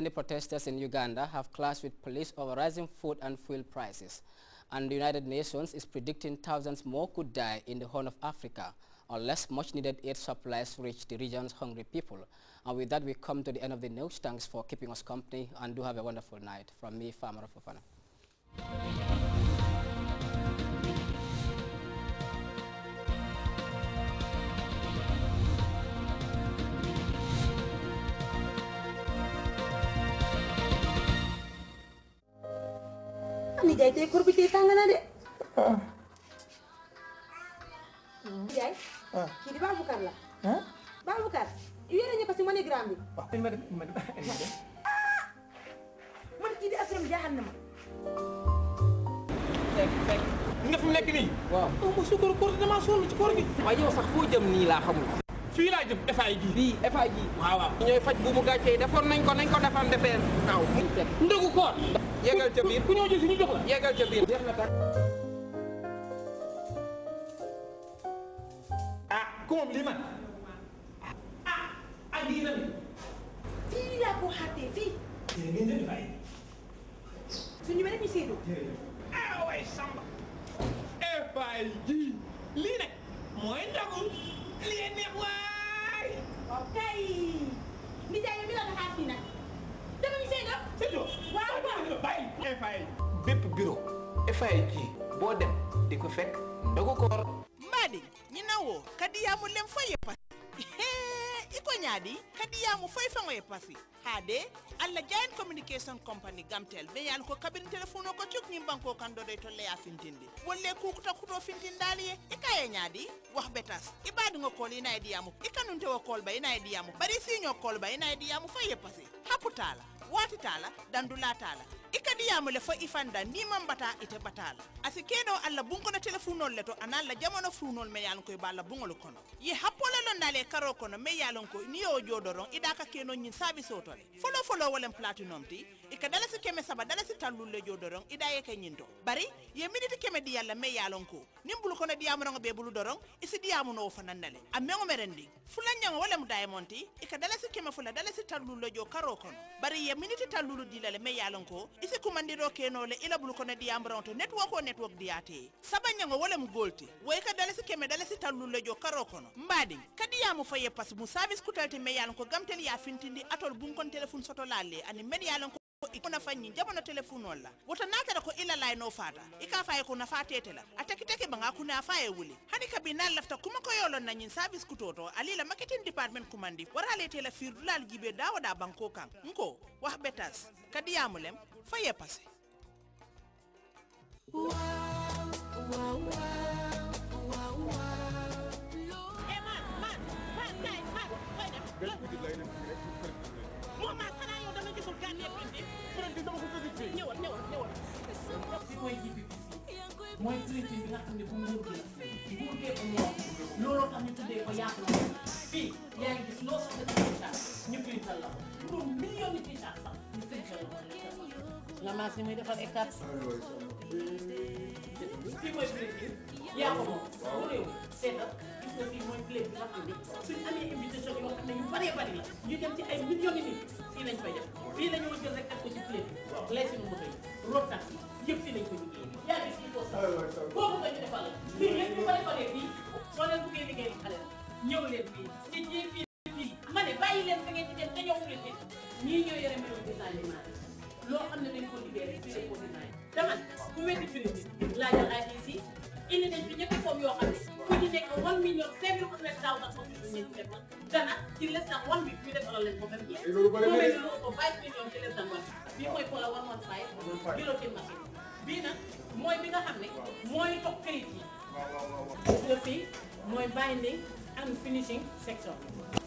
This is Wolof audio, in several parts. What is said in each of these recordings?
Many protesters in Uganda have clashed with police over rising food and fuel prices, and the United Nations is predicting thousands more could die in the Horn of Africa unless much-needed aid supplies reach the region's hungry people. And with that, we come to the end of the news. Thanks for keeping us company, and do have a wonderful night. From me, Farmer Fofana. જાય તો એક રૂપિયા सांगा ना kiri babu kar la babu kar yéene ñu ko si mani gram bi man kii di asem jaaxal na ma nga fi mu musuh nii waaw aw ma sukkur koor fii laa jëm FAI gi. fii FAI gi. waaw waaw ñooy faj bu mu gàccee yi defoon nañ ko nañ ko defaan defee waaw. ndogu koor. yegal ca biir ku ñëw jël si ñu jox la. ca biir. ah ku moom lii man. ah ak ah, lii nag. fii laa ko xaatee fii. FIG bodem dem di ko fekk ndogu koor mbaadi ñi nawoo kadi yaamu lem fo ye pasi iko ñaadi kadi yaamu foy feŋoye pasi haade allah jayen communication company gamtel ɓe yaani ko kabin téléphone o ko cuk ni banko kan dodoy to leya fintindi wolle kukuta kuto fintindaali ye ika e ye ñaadi wax ɓe tas i ɓaadiŋo kool ina ye diyamu i wo kol ba ina ye yamu bari siiño kool ba ina ye diyamu fo ye pasi hapu watitala dandulatala dandula kadiyamo le fo ifanda ni mam bata ite batala asi keɗo alla bunkono tele funol le to ana allah jamono funol me yalon koye ba allah bugol kono ye happole lon dale karo kono me yalon ko ni yo jodoron ida ka keno nyin sabi sotole folo folo wolen platinum ti e ka dalasi keme saba dalasi tallulle jodoron ida ye ke nyinto bari ye miniti keme di yalla me yalon ko nim kono diyamuno be bulu doron isi diyamuno fanandale amme o merendi fulanñama wala mo dayamonte e ka dala si keme fula dala si tallulo jo karo kono bari ye miniti tallulo dilale me yalon ko isi kumandiro kenole ila bulu kono diyambaranto network o network diyate sabañango wala golti wo woy ka dala si keme dala si tallulo jo karo kono mbaɗin kadiyamu faye pas mu service kutalte me yalon ko gamtel ya fintindi atol bunkon téléphone soto lalle ani men yalon ko ikona fanyi jabona telefono la wota natara ko ila la no fata ika faye ko na fatete la ataki take banga kuna faye wuli hani kabinal lafta kuma ko yolo na nyin service kutoto alila marketing department kumandi warale tela firdulal jibe dawa da banko kan nko wah betas kadiyamulem faye pase wow wow wow wow wow juróomi bii sax sax ñu koy nga maas ni muy defar écart. yaa ko moom. waaw bu réew fii mooy blé bi nga xam ne suñu amee invitation yoo xam ne yu bëree bëri la ñu dem ci ay millions yi nii fii lañ koy def fii la ñu war a jël rek ak ko ci blé bi. waaw lay suñu moto yi road yëpp fii lañ ko liggéey. yaa ngi fii koo sax boobu la. fii lépp ñu bëree bëree fii soo leen buggee liggéey xale la ñëw leen fii loo xam ne dañ ko libéré c'est ordinaire dama ku wetti junni bi laajal ay ici indi nañ fi ñetti foom yoo xam ne ku ci nekk one million cinq mille quatre-vingt thousand foom ñu ñeen bi ñu def alal leen ko même bien ko five million ci les dan xam ne mooy toog këyit yi le fii mooy xam ne finishing section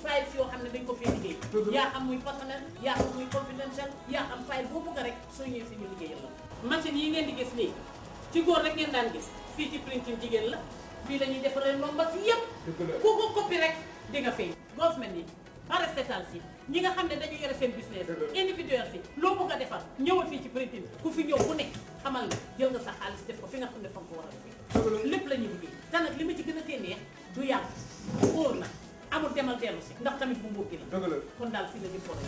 files yoo xam ne dañ ko fee liggéey yaa xam muy personnel yaa xam muy confidentiel yaa xam file boo bëgg rek soo ñëwee suñu liggéey la machine yi ngeen di gis nii ci góor rek ngeen daan gis fii ci printing jigéen la fii la ñuy defaree nombas yëpp ku ko copie rek di nga government yi paracetal yi ñi nga xam ne dañu yore seen business individuel si loo bëgg a defar ñëwal fii ci printing ku fi ñëw bu nekk xamal la jël nga sa xaalis def ko fi nga xam ne fa nga ko war a defee lépp la ñuy liggéey te li ma ci gën a teenee du yàgg óor na amul demal dellu si ndax tamit bu mbóob gi la kon daal fii la ñu foro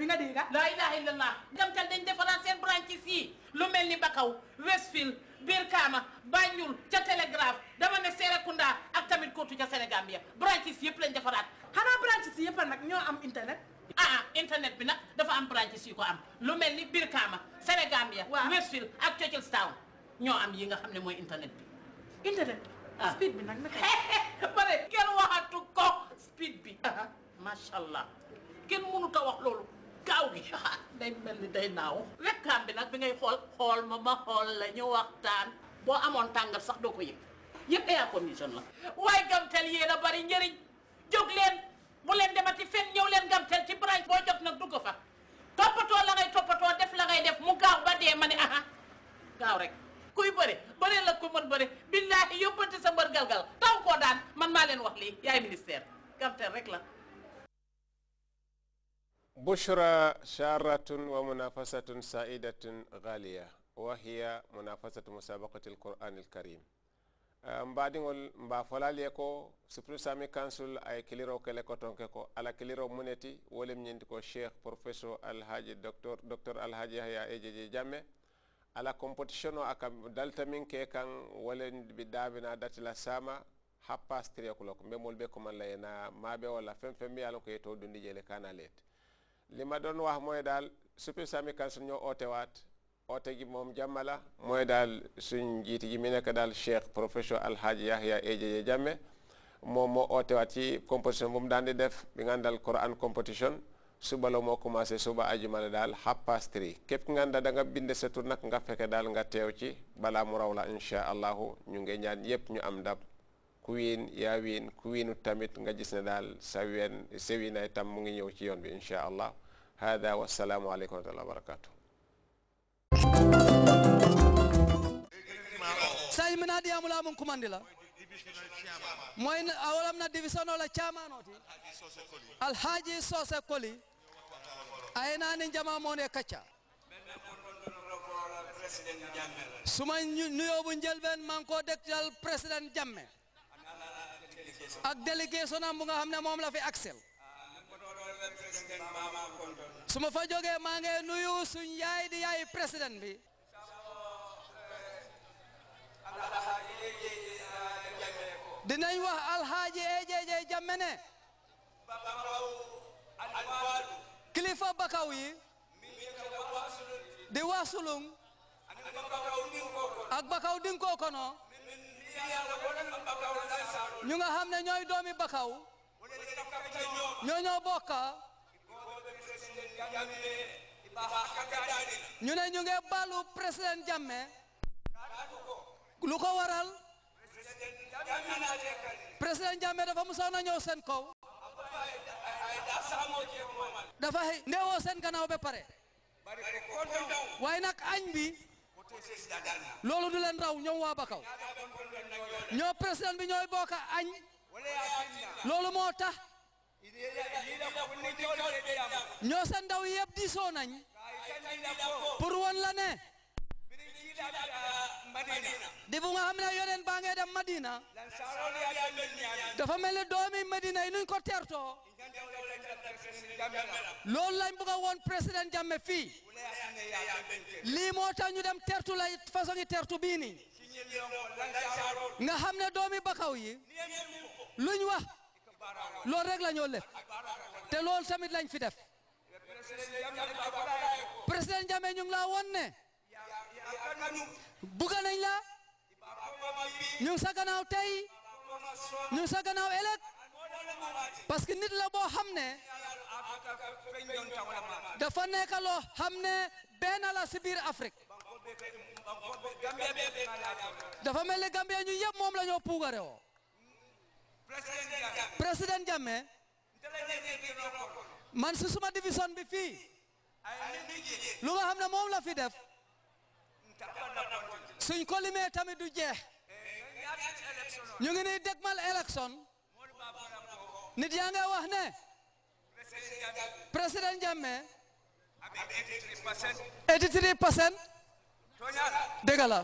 bi nga dégg ah. laa ilaha illallah gamtal dañ defaraat seen branches yi lu mel ni ba Bakaw Westfield Birkama Banjul ca Télégraphe dama ne Serekunda ak tamit kootu ca Sénégambia branches yëpp lañ defaraat xanaa branches yëpp nag ñoo am internet ah, ah internet bi nag dafa am branches yu ko am lu mel ni biir Birkama Sénégambia Westfield ak Churchillstown ñoo am yi nga xam ne mooy internet bi internet ah. speed bi nag naka bare kenn waxatu ko speed macha allah kenn mënu ko wax loolu gaaw gi day mel ni day naaw wekkaan bi nag bi ngay xool xool ma ma xool la ñu waxtaan boo amoon tàngal sax doo ko yëg yëpp air condition la waaye Gamtel yéen a bari njëriñ jóg leen bu leen demati fen ñëw leen Gamtel ci branche boo jot nag dugg fa toppatoo la ngay toppatoo def la ngay def mu gaaw ba dee ma ne aha gaaw rek kuy bëre bëre la ko mën bëre billaahi yóbbante sa mbër galgal taw koo daan man maa leen wax lii yaay ministère Gamtel rek la بشرى شارة ومنافسة سائدة غالية وهي منافسة مسابقة القرآن الكريم mbaadiŋol mba folal ye ko supreme sami council a ye kiliro kele ko tonke ko ala kiliro muneti wolem ñindi ko cheikh professeur alhaji docteur docteur alhaji yahya ejeje jamme ala competition o aka dalta min ke kan wolen bi daabina datila sama happas 3 o'clock mbemol be koman ye na maabe walla feŋ feŋ mbi ye a lon ko ye to dundi jele kana leete li ma doon wax mooy daal suppi sami kansul ñoo oote waat oote ji moom jàmma mooy daal suñ njiit gi mi nekk daal cheikh professeur alhaaji yahya ejeje jàmme moom moo oote waat ci compétition bu mu daan di def bi nga daal Quran competition suba la moo commencé suba ajuma la daal half past three képp ki nga da nga bind sa nag nga fekke daal nga teew ci balaa mu raw la incha allahu ñu ngi ñaan yépp ñu am dam kuwin ya win kuwinu tamit nga gis na dal sa wen sa wiinaay tam mu ngi ñew ci yoon bi insha allah hada wasalaamu alaykum wa rahmatullahi wa barakatuh say mina di amula mun mandila moy awalam na division ola chamano al alhaji sose koli aina ni jama ne kacha suma nuyo bu njel ben ko dekkal president jamme ak délégation am nga xamné mom la fi axel suma fa jógee ma ngi nuyu suñ yaay di yaay président bi dinañ wax al haji ejj ne kilifa bakaw yi di wasulung ak bakaw ko kono ñu nga xam ne ñooy doomi Bakaw ñoo ñoo bokka ñu ne ñu ngi baalu président Jammeh lu ko waral président Jammeh dafa musoon a ñëw seen kaw dafa ndeewoo seen gannaaw ba pare waaye nag añ bi loolu du leen raw ñoom waa Bakaw ñoo président bi ñooy bokk añ loolu moo tax ñoo sa ndaw yëpp diisoo nañ pour la ne di nga xam ne yoneen baa ngay dem Madina dafa mel ni doomi Madina yi nuñ ko teertoo loolu lañ bëgg a woon président jamme fii lii moo tax ñu dem tertu la façon yi tertu bii nii nga xam ne doomi bakaw yi luñ wax loolu rek la ñoo lef te lool tamit lañ fi def président jamme ñu ngi laa woon ne bugga nañ la ñu ngi sa gannaaw tey ñu ngi sa gannaaw ëllëg parce que nit la boo xam dafa nekk loo xam benn la si biir Afrique dafa mel ni Gambia ñu yëpp moom la ñoo puugare woo président Jammeh man si suma division bi fii lu nga xam moom la fi def suñ ko limee tamit du jeex ñu ngi nii dégmal élection nit yaa presiden jamme 83 percent dëgg